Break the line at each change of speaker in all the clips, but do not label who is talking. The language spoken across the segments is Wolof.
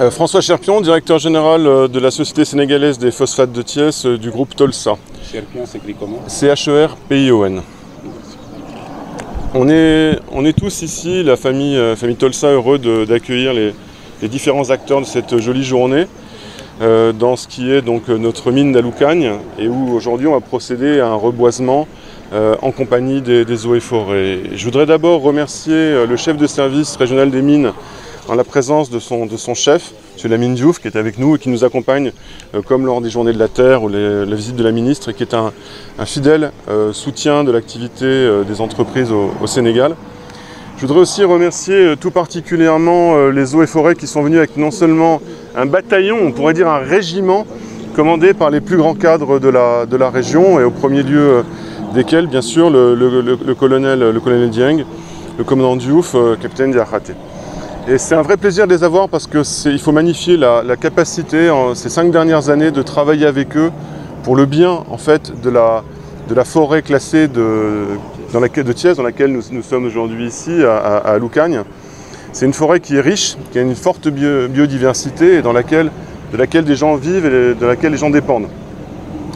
Euh, François Cherpion, directeur général euh, de la Société sénégalaise des phosphates de Thiès euh, du groupe Tolsa. Cherpion s'écrit e i On est, tous ici, la famille, Tolsa, heureux d'accueillir les, les, différents acteurs de cette jolie journée euh, dans ce qui est donc notre mine d'Aloucagne et où aujourd'hui on va procéder à un reboisement en compagnie des, des eaux et forêts. Et je voudrais d'abord remercier le chef de service régional des mines en la présence de son, son chef, M. Lamine Diouf, qui est avec nous et qui nous accompagne, euh, comme lors des Journées de la Terre ou la visite de la ministre, et qui est un, fidèle euh, soutien de l'activité euh, des entreprises au, Sénégal. Je voudrais aussi remercier euh, tout particulièrement les eaux et forêts qui sont venus avec non seulement un bataillon, on pourrait dire un régiment, commandé par les plus grands cadres de la, région, et au premier lieu desquels, bien le, le, le, le Et c'est un vrai plaisir de les avoir parce qu'il faut magnifier la, la capacité ces cinq dernières années de travailler avec eux pour le bien en fait de la, de la forêt classée de, dans laquelle, de Thiès, dans laquelle nous, nous sommes aujourd'hui ici, à, à, à Loucagne. C'est une forêt qui est riche, qui a une forte bio, biodiversité et dans laquelle, de laquelle des gens vivent et de laquelle les gens dépendent.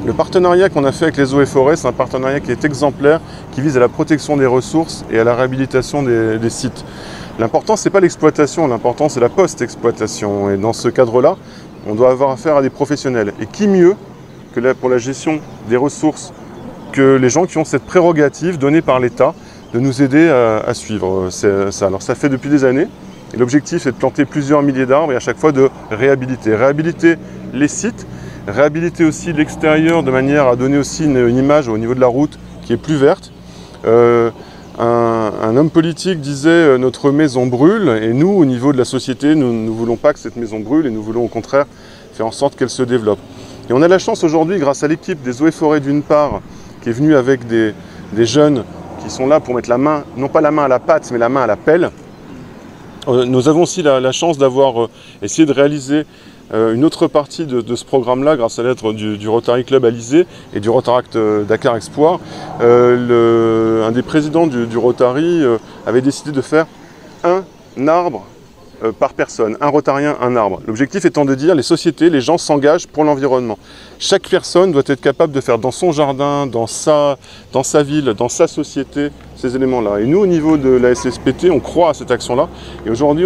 Le partenariat qu'on a fait avec les eaux et forêts, c'est un partenariat qui est exemplaire, qui vise L'important, ce n'est pas l'exploitation, l'important, c'est la post-exploitation. Et dans ce cadre-là, on doit avoir affaire à des professionnels. Et qui mieux pour la gestion des ressources que les gens qui ont cette prérogative donnée par l'État de nous aider à, suivre euh, ça. Alors ça fait depuis des années. Et l'objectif, c'est de planter plusieurs milliers d'arbres et à chaque fois de réhabiliter. les sites, réhabiliter aussi l'extérieur de manière à donner aussi une, une, image au niveau de la route qui est plus verte. Euh, Un, un, homme politique disait euh, notre maison brûle et nous, au niveau de la société, nous ne voulons pas que cette maison brûle et nous voulons au contraire faire en sorte qu'elle se développe. Et on a la chance aujourd'hui, grâce à l'équipe des eaux et forêts d'une part, qui est venue avec des, des, jeunes qui sont là pour mettre la main, non pas la main à la pâte, mais la main à la pelle. Euh, nous avons aussi la, la chance d'avoir euh, essayé de réaliser Euh, une autre partie de, de ce programme-là, grâce à l'aide du, du, Rotary Club Alizé et du Rotaract euh, Dakar Espoir, euh, le, des présidents du, Rotary avait décidé de faire un arbre par personne, un rotarien, un arbre. L'objectif étant de dire les sociétés, les gens s'engagent pour l'environnement. Chaque personne doit être capable de faire dans son jardin, dans sa, ville, dans sa société, ces éléments-là. Et nous, au niveau de la SSPT, on croit à cette action Et aujourd'hui,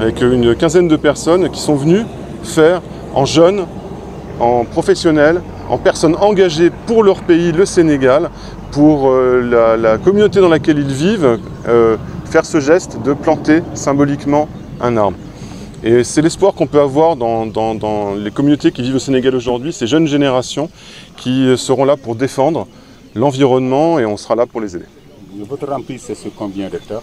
avec une quinzaine de personnes qui sont venues faire en jeunes, en professionnels, en personnes engagées pour leur pays, le Sénégal, pour euh, la, la, communauté dans laquelle ils vivent, euh, faire ce geste de planter symboliquement un arbre. Et c'est l'espoir qu'on peut avoir dans, dans, dans, les communautés qui vivent au Sénégal aujourd'hui, ces jeunes générations qui euh, seront là pour défendre l'environnement et on sera là pour les aider. Votre rempli, c'est sur combien d'hectares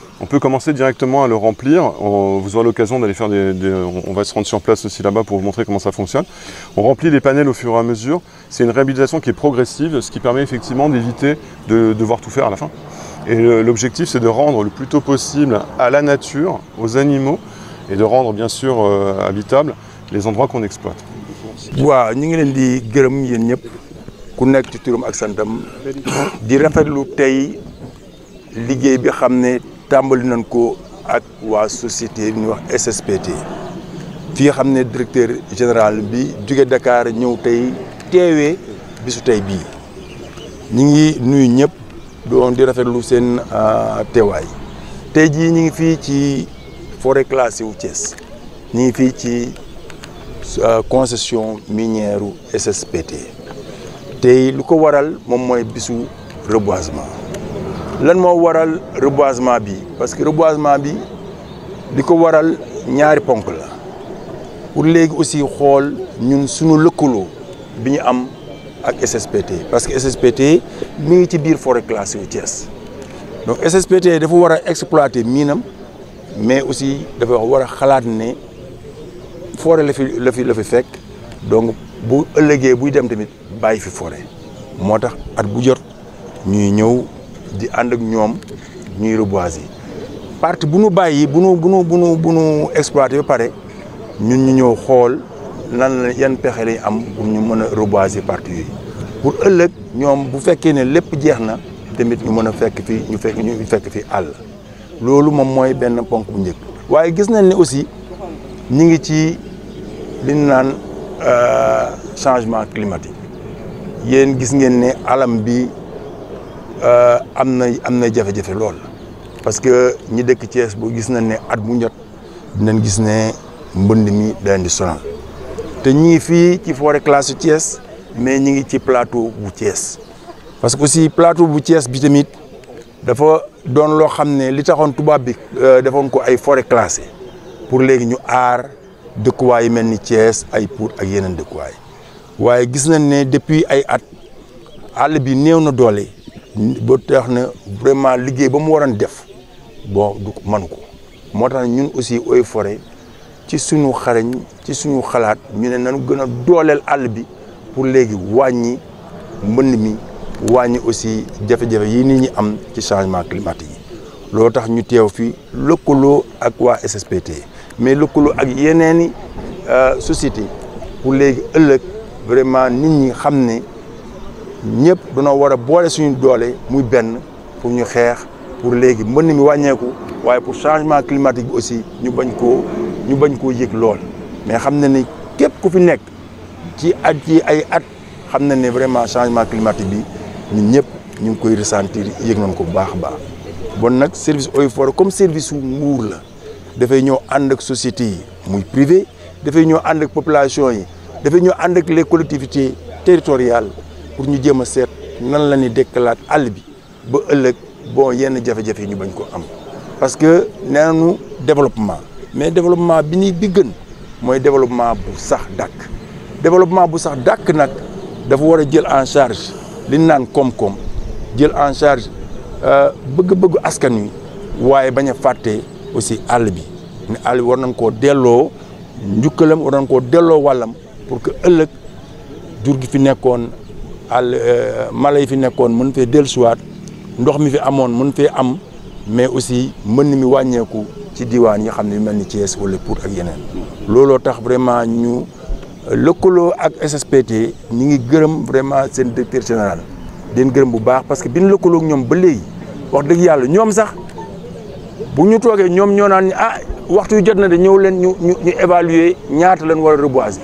On peut commencer directement à le remplir. On, vous aurez l'occasion d'aller faire des, des, aussi là-bas pour vous montrer comment ça fonctionne. On remplit les panels au fur et à mesure. C'est une réhabilitation qui est progressive, ce qui permet effectivement d'éviter de devoir tout possible à la nature, aux animaux, et de rendre bien sûr euh, les endroits qu'on exploite. waaw ñu ngi leen di gërëm
tàmbali nañ ko ak waa société bi ñuy wax SSPT fi nga xam ne directeur général bi jóge Dakar ñëw tey teewee bisu tey bii ñu ngi nuyu ñëpp doon di rafetlu seen ah, teewaay tey jii ñu ngi fii ci forêt classée wu Thiès ñu ngi fii ci ah, concession minière SSPT tey lu ko waral moom mooy bisu reboisement lan moo waral reboisement bi parce que reboisement bi di ko waral ñaari ponk la pour léegi aussi xool ñun suñu lëkkaloo bi ñu am ak SSPT parce que SSPT mi ngi ci biir forêt classée yu Thiès donc SSPT dafa war a exploiter miinam mais aussi dafa war a xalaat ne forêt la fi la fi fekk donc bu ëllëgee buy dem tamit bàyyi fi forêt moo tax at bu jot ñuy ñëw. di ànd ak ñoom ñuy reboiser partie bu nu bàyyi bu nu bu nu bu nu bu nu pare ñun ñu ñëw xool lan la yan pexe lañ am pour ñu mën a reboiser partie yooyu pour ëllëg ñoom bu fekkee ne lépp jeex na tamit ñu mën a fekk fii ñu fekk ñu fekk fii àll loolu moom mooy benn ponk bu njëkk. waaye gis nañ ne aussi ñu ngi ci li naan euh, changement climatique yéen gis ngeen ne alam bi. Euh, am na am na jafe-jafe lool parce que ñi dëkk Thiès boo gis nañ ne at mu ñot dinañ gis ne mbënd mi daan di sonal te ñi ngi fii ci forêt classée Thiès mais ñi ngi ci plateau bu Thiès parce que aussi plateau bu Thiès bi tamit dafa doon loo xam ne li taxoon tubaab bi euh, defoon ko ay forêt classée pour léegi ñu aar dëkkuwaay yu mel ni Thiès ay pour ak yeneen dëkkuwaay waaye gis nañ ne depuis ay at àll bi néew na doole. ba teex na vraiment liggéey ba mu waroon def bon du man ko moo tax ñun aussi Eaux et ci suñu xarañ ci suñu xalaat ñu ne nañu gën a dooleel àll bi pour léegi wàññi mbënd mi wàññi aussi jafe-jafe yi nit ñi am ci changement climatique yi loolu tax ñu teew fii lëkkaloo ak waa SSPT mais lëkkaloo ak yeneeni euh, société pour léegi ëllëg vraiment nit ñi xam ne ñëpp danoo war a boole suñu doole muy benn pour ñu xeex pour léegi mën mi wàññeeku waaye pour changement climatique bi aussi ñu bañ koo ñu bañ koo yëg lool mais xam na ni képp ku fi nekk ci at ci ay at xam na ne vraiment changement climatique bi ñun ñëpp ñu ngi koy ressentir yëg nañ ko bu baax a baax bon nag service eaux et forêts comme service su nguur la dafay ñëw ànd ak société yi muy privé dafay ñëw ànd ak population yi dafay ñëw ànd ak les collectivités territoriales pour ñu jéem a seet nan la ñuy dekkalaat àll bi ba ëllëg boo yenn jafe-jafe ñu bañ koo am parce que nee développement mais développement bi ni bi gën mooy développement bu sax dàkk développement bu sax dàkk nag dafa war a jël en charge li naan koom-koom jël en charge bëgg euh, bëgg askan wi waaye bañ a fàtte aussi àll bi ne àll bi war nañ koo delloo njukkalam war nañ koo delloo wàllam pour que ëllëg jur gi fi nekkoon àll euh, mala yi fi nekkoon mën fee dellusiwaat ndox mi fi amoon mën fee am mais aussi mën mi wàññeeku ci diwaan yi xam ne yu mel ni Thiès wala Pout ak yeneen looloo tax vraiment ñu lëkkaloo ak SSPT ñu ngi gërëm vraiment seen directeur général den gërëm bu baax parce que bi ñu lëkkaloo ñoom ba léegi wax dëgg yàlla ñoom sax bu ñu toogee ñoom ñoo naan ah waxtu yu jot na de ñëw leen ñu ñu évaluer ñaata leen war a reboiser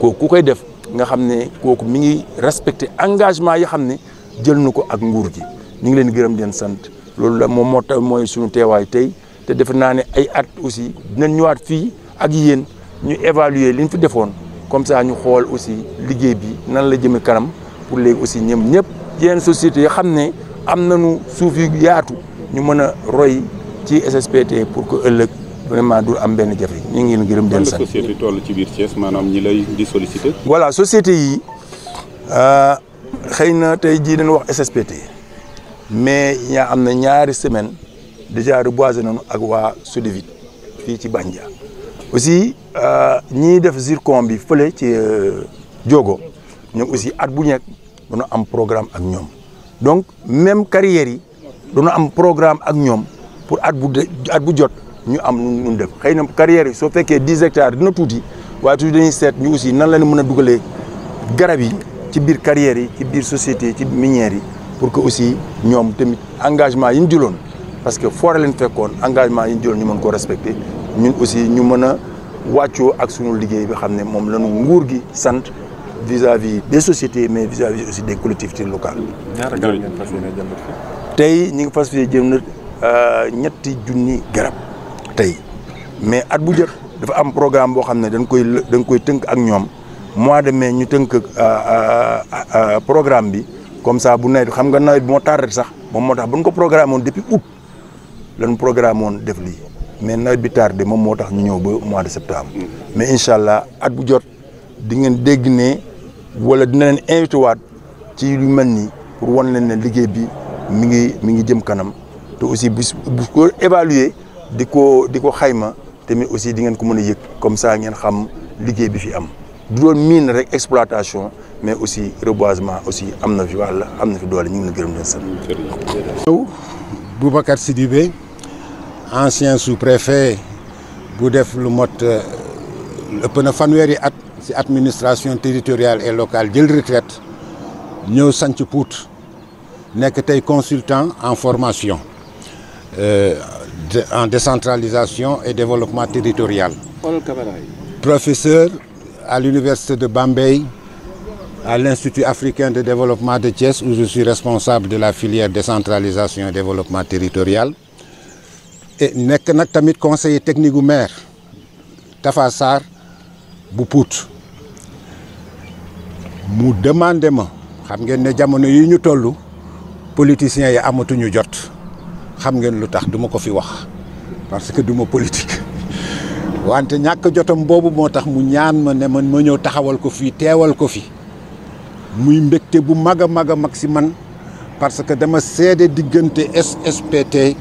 kooku koy def nga xam ne kooku mi ngi respecté engagement yi xam ne jël nu ko ak nguur ji ñu ngi leen gërëm di sant loolu la moom moo tax mooy suñu teewaay tey te defe naa ne ay at aussi dinañ ñëwaat fii ak yéen ñu évaluer li ñu fi defoon comme ça ñu xool aussi liggéey bi nan la jëme kanam pour léegi aussi ñëm ñëpp yeneen sociétés yi xam ne am nañu suuf yu yaatu ñu mën a roy ci SSPT pour que ëllëg vraiment du am benn jafe ñu ngi leen gërëm den sant société
toll ci biir Thiès
maanaam ñi lay di sollicité. voilà société yi euh, xëy na tey jii dañu wax SSPT mais ñaa am na ñaari semaine déjà reboisé nañu ak waa Sodevit fii ci Bandia aussi euh, ñiy def zircon bi fële ci euh, Diogo ñoom aussi at bu nekk dañu am programme ak ñoom donc même carrières yi dañu am programme ak ñoom pour at bu at bu jot ñu am lu ñu def xëy na carrière soo fekkee dix hectares dina tuuti waaye tuuti dañuy seet ñu aussi nan la ñu mën a dugalee garab yi ci biir carrière yi ci biir société ci minières yi pour que aussi ñoom tamit engagement yi ñu jëloon parce que foore leen fekkoon engagement yi ñu jëloon ñu mën ko respecté ñun aussi ñu mën a wàccoo ak sunu liggéey bi xam ne moom lañu nguur gi sant vis-à-vis des sociétés mais vis-à-vis aussi des collectivités locales.
ñaata garab ngeen fas yéene jëmbat fii.
tey ñu ngi fas jëm na euh, ñetti junni garab. tey mais at bu jot dafa am programme boo xam ne dañ koy dañ koy tënk ak ñoom mois de mai ñu tënk euh, euh, euh, programme bi comme ça bu nawet xam nga nawet moo tardé sax moom moo tax buñ ko programme woon depuis août programme woon def lii mais nawet bi tardé moom moo tax ñu ñëw ba mois de septembre. mais incha allah at bu jot di ngeen dégg ne wala dina leen invité waat ci lu mel nii pour wan leen ne liggéey bi mi ngi mi ngi jëm kanam te aussi bu bu ko évaluer di ko di ko xayma tamit aussi di ngeen ko mën a yëg comme ça ngeen xam liggéey bi fi am du doon mine rek exploitation mais aussi reboisement aussi am na fi wàll
am na fi doole ñu ngi leen gërëm leen sant. ñëw Boubacar Sidibé ancien sous-préfet bu def lu mot euh, ëpp na fanweeri at ci administration territoriale et locale jël retraite ñëw sanc Pout nekk tey consultant en formation. Euh, de, en décentralisation et développement territorial. Professeur à l'université de Bambey, à l'Institut africain de développement de Thiès, où je suis responsable de la filière décentralisation et développement territorial. et nekk nag tamit conseiller technique gu maire Tafa Sarr bu Pout mu demandé ma xam ngeen ne jamono yi ñu toll politiciens yi amatuñu jot. xam ngeen lu tax duma ko fi wax parce que du ma politique wante ñàkk jotam boobu moo tax mu ñaan ma ne man ma ñëw taxawal ko fii teewal ko fi muy mbëgte bu mag a mag a mag si man parce que dama seede diggante SSPT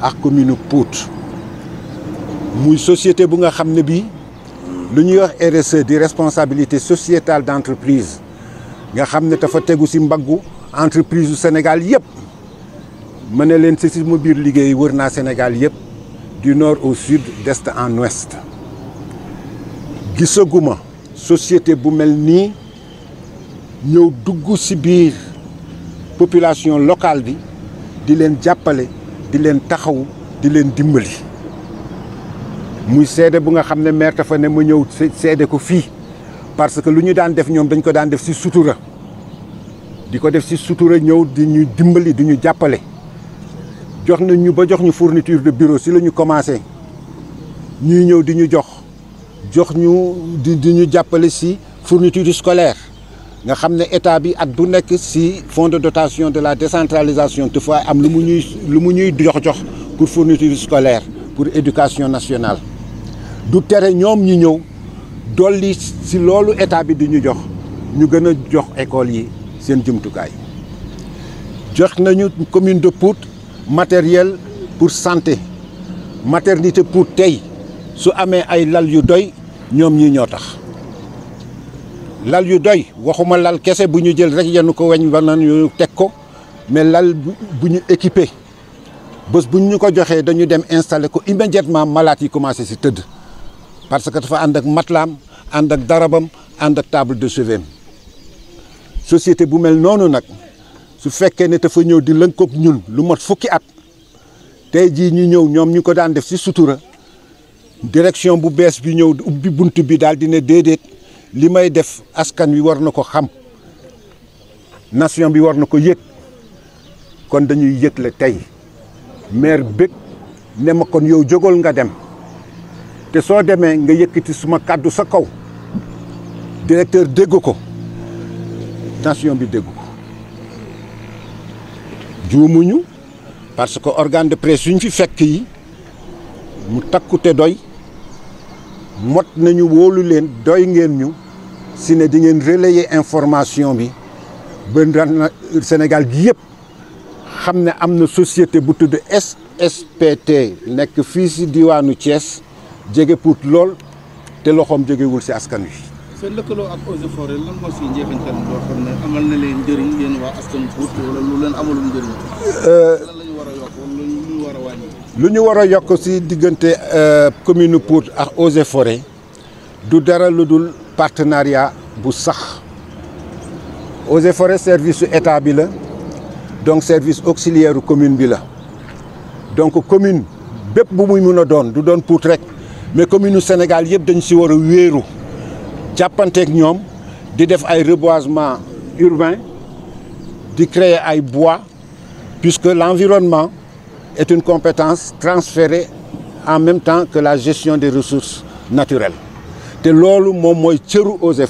ak commune Pout muy société bu nga xam ne bii lu ñuy wax RSE di responsabilité sociétale d'entreprise nga xam ne dafa tegu si mbaggu entreprise du Sénégal yëpp ma ne leen si sama biir liggéey wër naa Sénégal yëpp du nord au sud d'est en ouest gisaguma société bu mel nii ñëw dugg si biir population locale bi di leen jàppale di leen taxaw di leen dimbali muy seede bu nga xam ne maire dafa ne mu ñëw seede ko fii parce que lu ñu daan def ñoom dañ ko daan def si sutura di ko def si sutura ñëw di ñu dimbali duñu jàppale jox nañ ñu ba jox ñu fourniture de bureau si lañu ñu ñuy ñëw di ñu jox jox ñu di di ñu jàppale si fourniture scolaire nga xam ne état bi at bu nekk si fonds de dotation de la décentralisation dafa am lu mu ñuy lu mu ñuy jox jox pour fourniture scolaire pour éducation nationale du tere ñoom ñu ñëw dolli si loolu état bi di ñu jox ñu gën a jox école yi seen jumtukaay jox nañu commune de Pout matériel pour santé maternité pour tey su amee ay lal yu doy ñoom ñi ñoo tax lal yu doy waxuma lal kese bu ñu jël rek yenn ko weñ ba nañu teg ko mais lal bu bu ñu équipé bés bu ñu ko joxee dañu dem installé ko immédiatement malade yi commencé si tëdd parce que dafa ànd ak matlaam ànd ak darabam ànd ak table de chevet société bu mel noonu nag su fekkee ne dafa ñëw di lënkoog ñun lu mat fukki at tey jii ñu ñëw ñoom ñu ko daan def ci sutura direction bu bees bi ñëw ubbi bunt bi daal di ne déedéet li may def askan wi war na ko xam nation bi war na ko yég kon dañuy yëgle tey maire bëgg ne ma kon yow jógal nga dem te soo demee nga yëkkati suma kàddu sa kaw directeur dégg ko nation bi dégg ko juumuñu parce que organe de presse suñ fi fekk yi mu takkute doy mot nañu wóolu leen doy ngeen ñu si ne di ngeen relayer information bi ba Sénégal gi yëpp xam ne am na société bu tudd SSPT nekk fii si diwaanu Thiès jege pour lool te loxoom jegewul si askan wi. lëkkaloo ak eaux et forêt lu
euh, la ñu war a yokk lu
ñu war a wàññi. si diggante euh, commune Pout ak eaux et forêt du dara lu dul partenariat bu sax eaux et forêt service su état bi la donc service auxiliaire commune bi la donc commune bépp bu muy mun a doon du doon Pout rek mais commune Sénégal yëpp dañu si war a wéeru. jàppanteeg ñoom di def ay reboisement urbain di créer ay bois puisque l'environnement est une compétence transférée en même temps que la gestion des ressources naturelles te loolu moom mooy cëru eaux et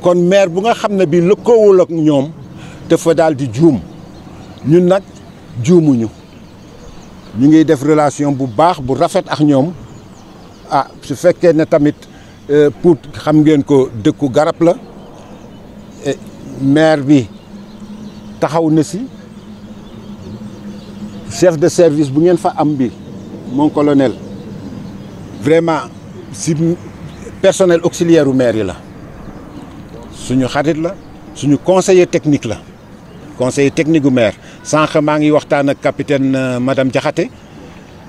kon maire bu nga xam ne bi lëkkoowul ak ñoom dafa daal di juum ñun nag juumuñu ñu ngi def relation bu baax bu rafet ak ñoom ah su fekkee ne tamit Euh, Pout xam ngeen ko dëkku garab la maire bi taxaw na si chef de service bu ngeen fa am bi mon colonel vraiment si personnel auxiliaire u maire yi la suñu xarit la suñu conseiller technique la conseiller technique u maire sànq maa ngi waxtaan ak capitaine euh, madame Diakhaté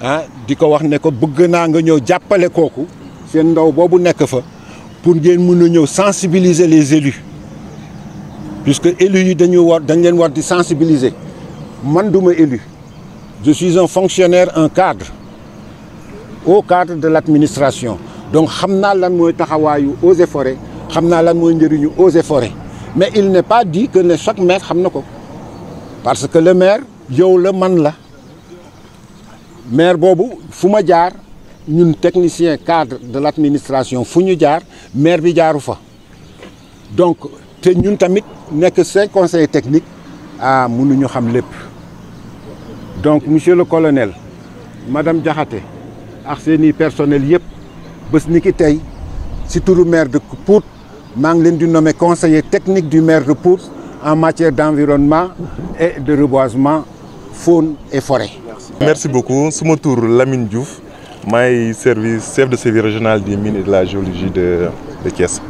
ah di ko wax ne ko bëgg naa nga ñëw jàppale kooku seen ndaw boobu nekk fa pour ngeen mën a ñëw sensibiliser les élus puisque élus yi dañu war dañ leen war di sensibiliser man duma élu je suis un fonctionnaire un cadre au cadre de l'administration donc xam naa lan mooy taxawaayu eaux et xam naa lan mooy njëriñu eaux et mais il n'est pas dit que ne chaque maire xam na ko parce que le maire yow la man la maire boobu fu ma jaar ñun technicien cadre de l' administration fu ñu jaar maire bi jaaru fa donc te ñun tamit nekk seen conseil technique ah mënuñu xam lépp donc monsieur le colonel madame Diakhaté ak seen i personnel yëpp bés ni ki tey si turu maire de Pout maa ngi leen di nommer conseiller technique du maire de Pout en matière d' environnement et de reboisement faune et forêt. merci
beaucoup suma tur Lamine Diouf. maay service chef de service régional des mines et la géologie de de Thiès.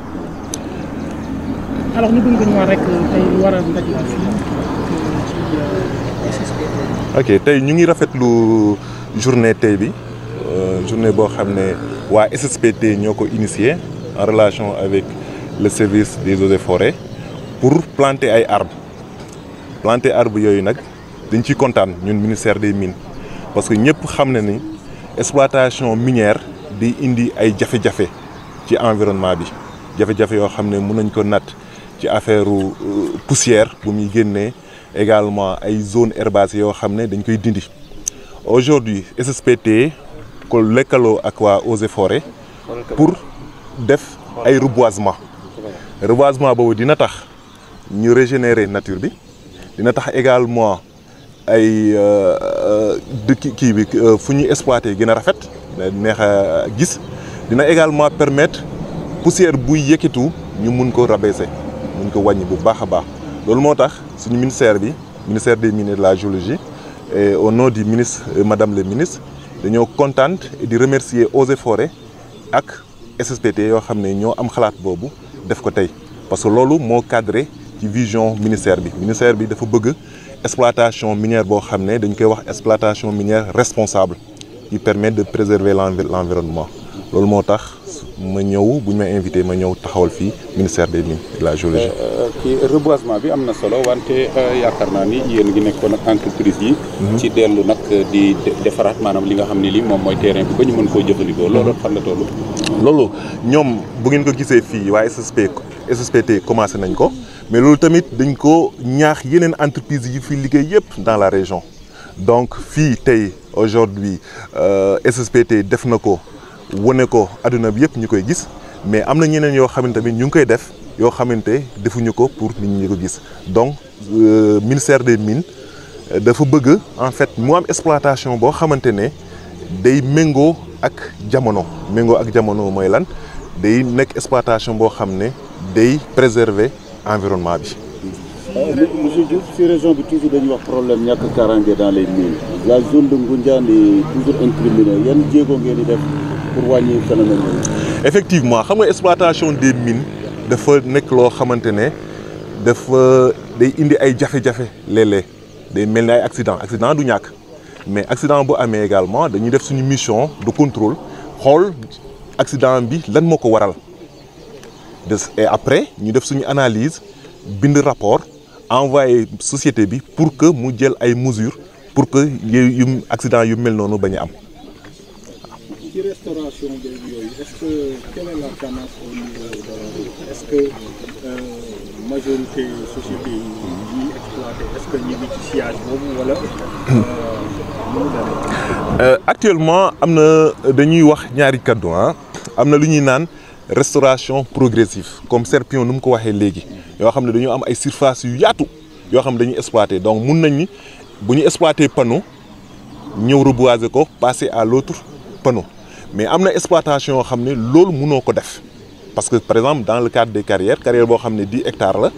tey ok tey ñu ngi rafetlu journée tey bi euh, journée boo xam ne waa SSPT ñoo ko initié en relation avec le service des eaux et pour planter ay arbres planter arbres yooyu nag dañ ciy kontaan ñun ministère des mines parce que ñëpp xam na ni. exploitation minière bi indi ay jafe-jafe ci environnement bi jafe-jafe yoo xam ne mun nañ ko natt ci affaire euh, poussière bu muy génnee également ay zones herbacées yoo xam ne dañ koy dindi aujourd'hui SSPT ko lëkkaloo ak waa Eaux et Forêts pour def ay reboisement reboisement boobu dina tax ñu régénérer nature bi dina tax également ay euh, euh, dëkk kii bi euh, fu ñu exploité gën a rafet neex a gis dina également permettre poussière buy yëkkitu ñu mun ko rabaisser mun ko wàññi bu baax a baax loolu moo tax suñu ministère bi ministère des mines de la géologie et au nom du ministre madame le ministre dañoo kontaan di remercier Eaux et Forêts ak SSPT yoo xam ne ñoo am xalaat boobu def ko tey parce que loolu moo cadré ci vision ministère bi ministère bi dafa bëgg exploitation minière boo xam ne dañ koy wax exploitation minière responsable qui permet de préserver l'environnement loolu moo tax ma ñëw bu ñu may invité ma ñëw taxawal fii ministère des mines et de la géologie.
Euh, euh, kii reboisement bi am na solo wante euh,
yaakaar naa ni yéen ngi nekkoon nag entreprise yi. Mhm. ci dellu nag di defaraat maanaam li nga xam ne lii moom mooy terrain bi ba ñu mën koo jëfandikoo. loolu fan la toll. loolu ñoom bu ngeen ko gisee fii waa SSP SSPT commencé nañ ko mais loolu tamit dañ ko ñaax yeneen entreprise yi fi liggéey yëpp dans la région donc fii tey aujourd'hui euh, SSPT def na ko wane ko àdduna bi yëpp ñu koy gis mais am na ñeneen yoo xamante tamit ñu ngi koy def yoo xamante defuñu ko pour nit ñi ko gis donc euh, ministère des mines euh, dafa bëgg en fait mu am exploitation boo xamante ne day méngoo ak jamono méngoo ak jamono mooy lan day nekk exploitation boo xam ne day préserver environnement bi.
monsieur Diouf
si région bi toujours dañuy wax problème ñàkk kaaraange dans les mines la zone de Ngoundiane ngeen
di def pour wàññi phénomène yooyu. effectivement xam nga exploitation des mines dafa nekk loo xamante ne dafa day indi ay jafe-jafe léeg-léeg day mel ni ay accident accident du ñàkk. mais accident bu amee également dañuy def suñu mission de contrôle xool accident bi lan moo ko waral des et après ñu def suñu analyse bind rapport envoyé société bi pour que mu jël ay mesures pour que yu accident yu mel noonu bañ a am.
restauration ce que quelle
euh, euh,
euh, actuellement am na dañuy wax ñaari kaddu ah. am na lu ñuy naan restauration progressive comme Serpion nu mu ko waxee léegi yoo xam ne dañoo am ay surfaces yu yaatu yoo xam ne dañuy exploité donc mun nañ bu ñu exploité panneau ñëw reboiser ko passer à l'autre panneau mais am na exploitation yoo xam ne loolu munoo ko def parce que par exemple dans le cadre des carrières carrière boo xam ne di hectares la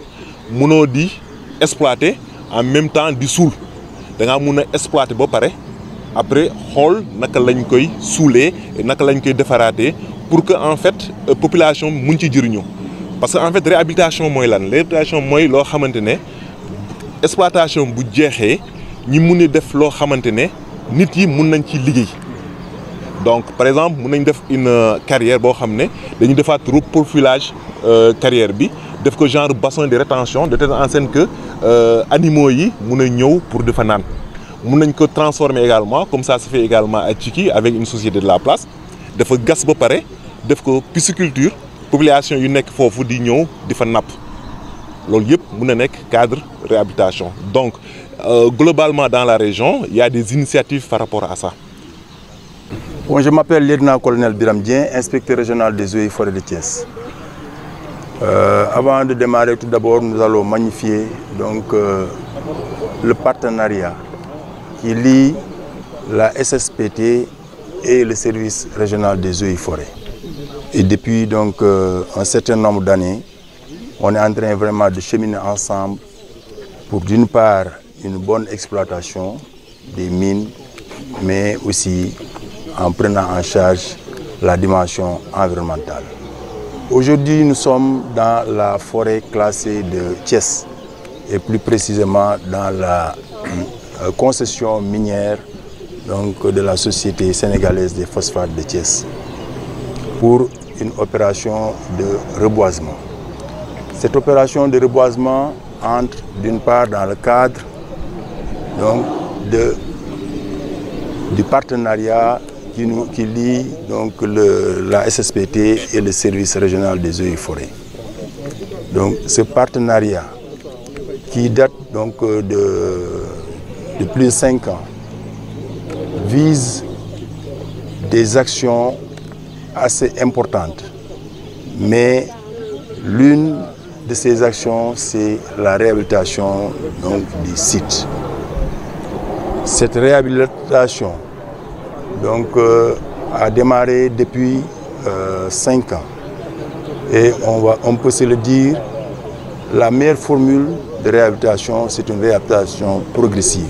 munoo di exploiter en même temps di suul da mun a exploiter ba pare après xool naka lañ koy suulee naka lañ koy defaraatee pour que en fait euh, population mun ci jëriñoo parce que en fait réhabilitation mooy lan réhabilitation mooy loo xamante ne exploitation bu jeexee ñi mun a def loo xamante ne nit yi mun nañ ci liggéey. donc par exemple mun nañu def une euh, carrière boo xam ne dañuy defaat reprofilage euh, carrière bi def ko genre bassin de rétention de telle en sorte que euh, animaux yi mun a ñëw pour di fa naan mun nañ ko transformer également comme ça se fait également à Tchiki avec une société de la place dafa gas ba pare def ko pisciculture population yu nekk foofu di ñëw di fa napp loolu yëpp mun na nekk cadre réhabilitation donc globalement dans la région il y a des initiatives par rapport à ça
Bon, je m'appelle lieutenant-colonel Biram Dien, inspecteur régional des eaux et forêts de Thiès. Euh, avant de démarrer, tout d'abord, nous allons magnifier donc, euh, le partenariat qui lie la SSPT et le service régional des eaux et forêts. Et depuis donc, euh, un certain nombre d'années, on est en vraiment de cheminer ensemble pour d'une part une bonne exploitation des mines, mais aussi en prenant en charge la dimension environnementale. Aujourd'hui, nous sommes dans la forêt classée de Thiès et plus précisément dans la euh, concession minière donc, de la Société sénégalaise des phosphates de Thiès pour une opération de reboisement. Cette opération de reboisement entre d'une part dans le cadre donc, du partenariat qui, nous, qui lie donc le, la SSPT et le service régional des eaux et Donc ce partenariat qui date donc euh, de, de plus de 5 ans vise des actions assez importantes. Mais l'une de ces actions, c'est la réhabilitation donc, des sites. Cette réhabilitation donc euh, a démarré depuis euh, cinq ans et on va on peut se le dire la meilleure formule de réhabilitation c'est une réhabilitation progressive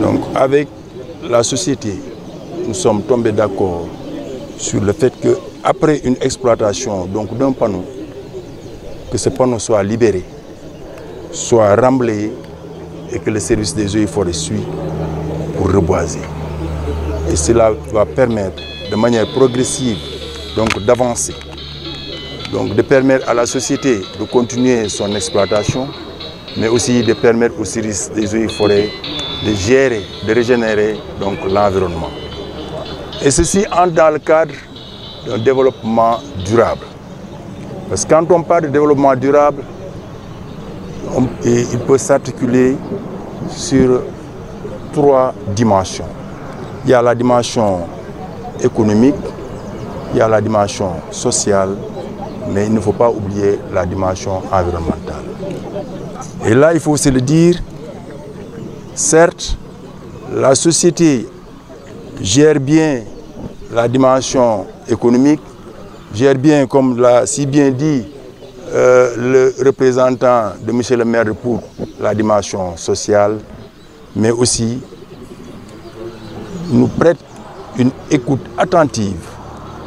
donc avec la société nous sommes tombés d'accord sur le fait que après une exploitation donc d'un panneau que ce panneau soit libéré soit remblayé et que le service des eaux et forêts suit pour reboiser Et cela va permettre de manière progressive donc d'avancer, donc de permettre à la société de continuer son exploitation, mais aussi de permettre aux services des eaux et forêts de gérer, de donc l'environnement. Et ceci entre dans le cadre d'un développement durable. Parce que quand parle de développement durable, on, il peut s'articuler sur trois dimensions. Il y la dimension économique, il y la dimension sociale, mais il ne faut pas oublier la dimension environnementale. Et là, il faut se le dire, certes, la société gère bien la dimension économique, gère bien, comme l'a si bien dit euh, le représentant de M. le maire de Pou, la dimension sociale, mais aussi nous prête une écoute attentive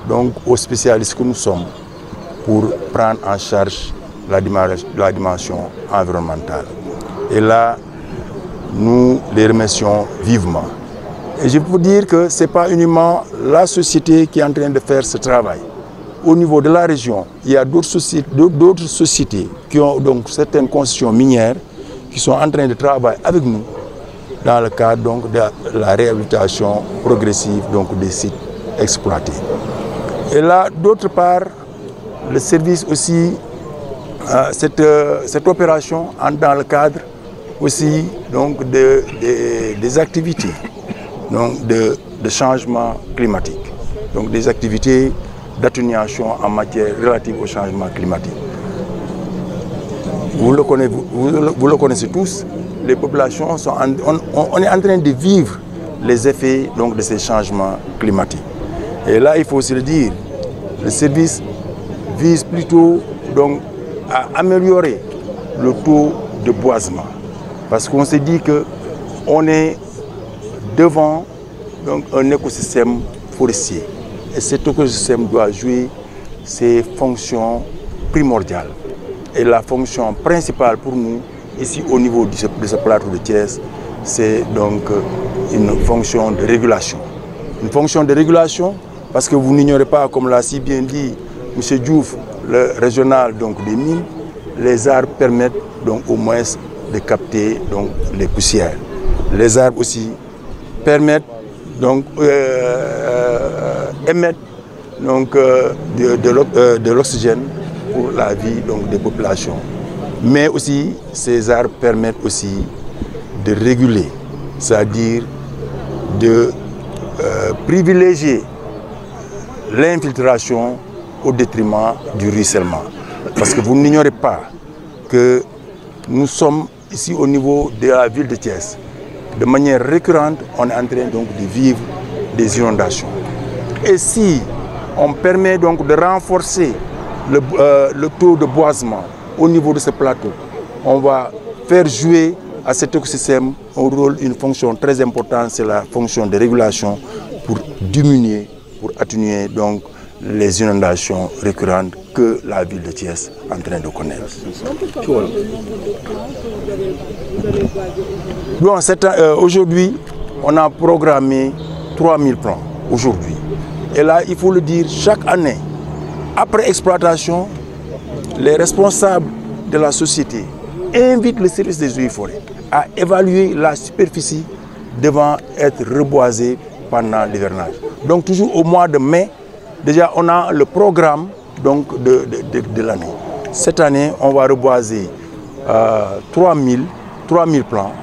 donc aux spécialistes que nous sommes pour prendre en charge la dimension, la dimension environnementale. Et là, nous les remercions vivement. Et je peux dire que ce pas uniquement la société qui est en train de faire ce travail. Au niveau de la région, il y a d'autres sociétés, sociétés qui ont donc certaines concessions minières qui sont en train de travailler avec nous dans le cadre donc de la réhabilitation progressive donc des sites exploités. Et là, d'autre part, le service aussi, euh, cette, euh, cette opération entre dans le cadre aussi donc de, de, des activités de, de changement climatique, donc des activités d'atténuation en matière relative au changement climatique. Vous le connaissez, vous le connaissez tous, les populations sont en, on, on, est en train de vivre les effets donc, de ces changements climatiques. Et là, il faut se le dire, le service vise plutôt donc, à améliorer le taux de boisement. Parce qu'on se dit qu'on est devant donc, un écosystème forestier. Et cet écosystème doit jouer ses fonctions primordiales. Et la fonction principale pour nous, ici au niveau de ce, de ce plateau de Thiès, c'est donc euh, une fonction de régulation. Une fonction de régulation parce que vous n'ignorez pas, comme l'a si bien dit monsieur Diouf, le régional donc, des mines, les arbres permettent donc au moins de capter donc, les poussières. Les arbres aussi permettent donc euh, euh donc, euh, de, euh, de l'oxygène pour la vie donc, des populations. Mais aussi, ces arts permettent aussi de réguler, c'est-à-dire de euh, privilégier l'infiltration au détriment du ruissellement. Parce que vous n'ignorez pas que nous sommes ici au niveau de la ville de Thiès. De manière récurrente, on est en train donc de vivre des inondations. Et si on permet donc de renforcer le, euh, le taux de boisement, au niveau de ce plateau, on va faire jouer à cet écosystème un une fonction très importante, c'est la fonction de régulation pour diminuer, pour atténuer donc les inondations récurrentes que la ville de Thiès en train de connaître.
Bon, euh,
aujourd'hui, on a programmé 3000 plans aujourd'hui. Et là, il faut le dire, chaque année, après exploitation, les responsables de la société invitent le service des eaux et forêts à évaluer la superficie devant être reboisée pendant l'hivernage. Donc toujours au mois de mai, déjà on a le programme donc, de, de, de, de l'année. Cette année, on va reboiser euh, 3000, 3000 plants.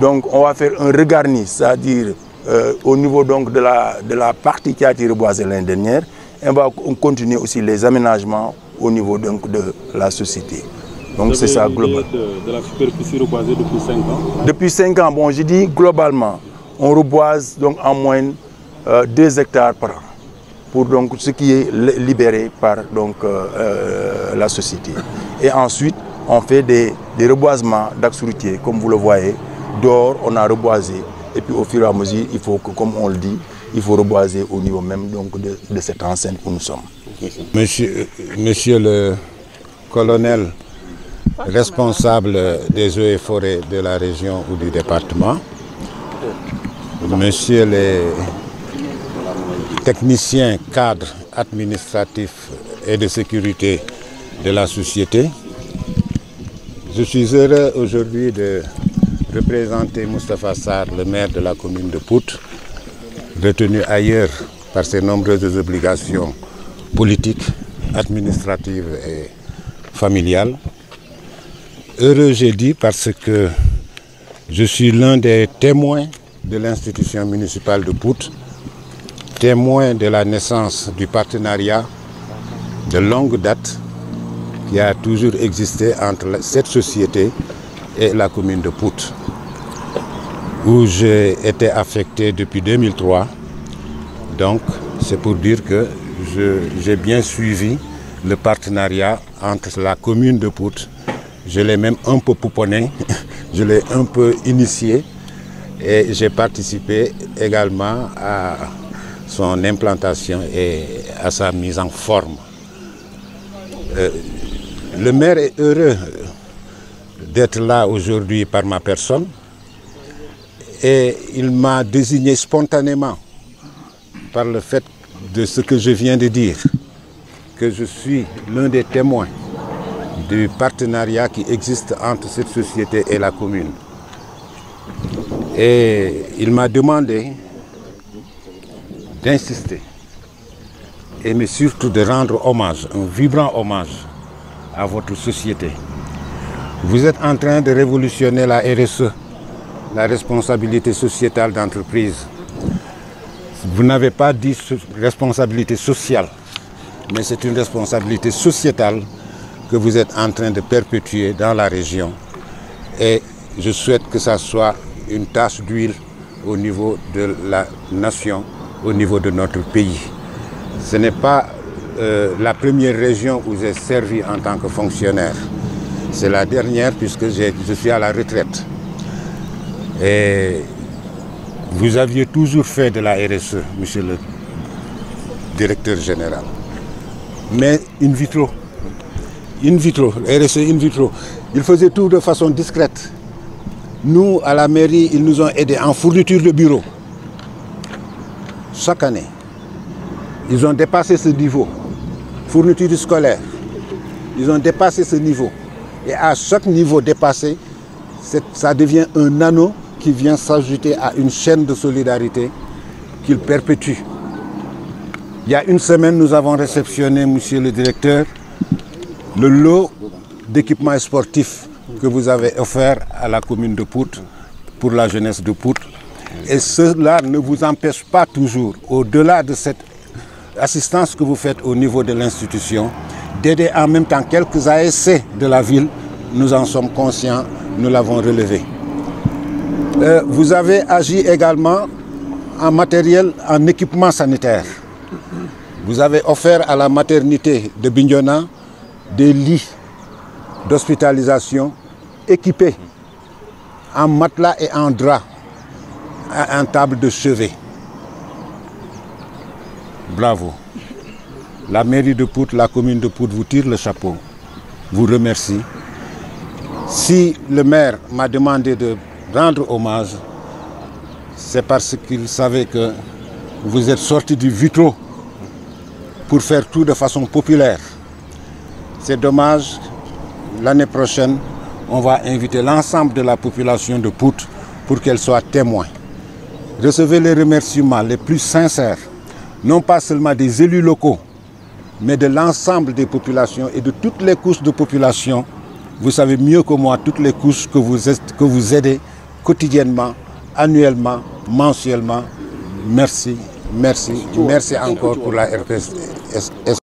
Donc on va faire un regarni, c'est-à-dire euh, au niveau donc, de, la, de la partie qui a été reboisée l'année dernière. on va continuer aussi les aménagements au niveau donc de la société. Donc c'est ça global.
De, de, la depuis ans
Depuis ans, bon, je dis globalement, on reboise donc en moyenne euh, hectares par an pour donc ce qui est libéré par donc, euh, euh, la société. Et ensuite, on fait des, des reboisements d'axes routiers, comme vous le voyez. D'or, on a reboisé. Et puis au fur à mesure, il faut que, comme on le dit, il faut reboiser au niveau même donc de, de cette enceinte où nous sommes. Monsieur,
monsieur le colonel responsable des eaux et forêts de la région ou du département, monsieur les techniciens cadres administratifs et de sécurité de la société, je suis heureux aujourd'hui de représenter Moustapha Sarr, le maire de la commune de Poutre, retenus ailleurs par ses nombreuses obligations politiques, administratives et familiales. Heureux, j'ai dit, parce que je suis l'un des témoins de l'institution municipale de Pout, témoin de la naissance du partenariat de longue date qui a toujours existé entre cette société et la commune de poute où j'ai été affecté depuis 2003. Donc, c'est pour dire que j'ai bien suivi le partenariat entre la commune de Poutre. Je l'ai même un peu pouponné, je l'ai un peu initié et j'ai participé également à son implantation et à sa mise en forme. Euh, le maire est heureux d'être là aujourd'hui par ma personne. Et il m'a désigné spontanément par le fait de ce que je viens de dire, que je suis l'un des témoins du partenariat qui existe entre cette société et la commune. Et il m'a demandé d'insister et mais surtout de rendre hommage, un vibrant hommage à votre société. Vous êtes en train de révolutionner la RSE la responsabilité sociétale d'entreprise. Vous n'avez pas dit responsabilité sociale, mais c'est une responsabilité sociétale que vous êtes en train de perpétuer dans la région. Et je souhaite que ça soit une tache d'huile au niveau de la nation, au niveau de notre pays. Ce n'est pas euh, la première région où j'ai servi en tant que fonctionnaire. C'est la dernière puisque je suis à la retraite. Et vous aviez toujours fait de la RSE, monsieur le directeur général. Mais in vitro. In vitro, RSE in vitro. Ils faisaient tout de façon discrète. Nous, à la mairie, ils nous ont aidés en fourniture de bureaux. Chaque année, ils ont dépassé ce niveau. Fourniture scolaire, ils ont dépassé ce niveau. Et à chaque niveau dépassé, ça devient un anneau qui vient s'ajouter à une chaîne de solidarité qu'il perpétue. Il y a une semaine, nous avons réceptionné, monsieur le directeur, le lot d'équipements sportifs que vous avez offert à la commune de Poutre pour la jeunesse de Poutre. Et cela ne vous empêche pas toujours, au-delà de cette assistance que vous faites au niveau de l'institution, d'aider en même temps quelques ASC de la ville. Nous en sommes conscients, nous l'avons relevé. Euh, vous avez agi également en matériel, en équipement sanitaire. Vous avez offert à la maternité de Bignona des lits d'hospitalisation équipés en matelas et en drap, en table de chevet. Bravo. La mairie de Pout, la commune de Pout vous tire le chapeau, vous remercie. Si le maire m'a demandé rendre hommage, c'est parce qu'ils savaient que vous êtes sortis du vitro pour faire tout de façon populaire. C'est dommage, l'année prochaine, on va inviter l'ensemble de la population de Pout pour qu'elle soit témoin. Recevez les remerciements les plus sincères, non pas seulement des élus locaux, mais de l'ensemble des populations et de toutes les couches de population. Vous savez mieux que moi toutes les couches que vous, que vous aidez quotidiennement annuellement mensuellement merci merci merci encore pour la RTS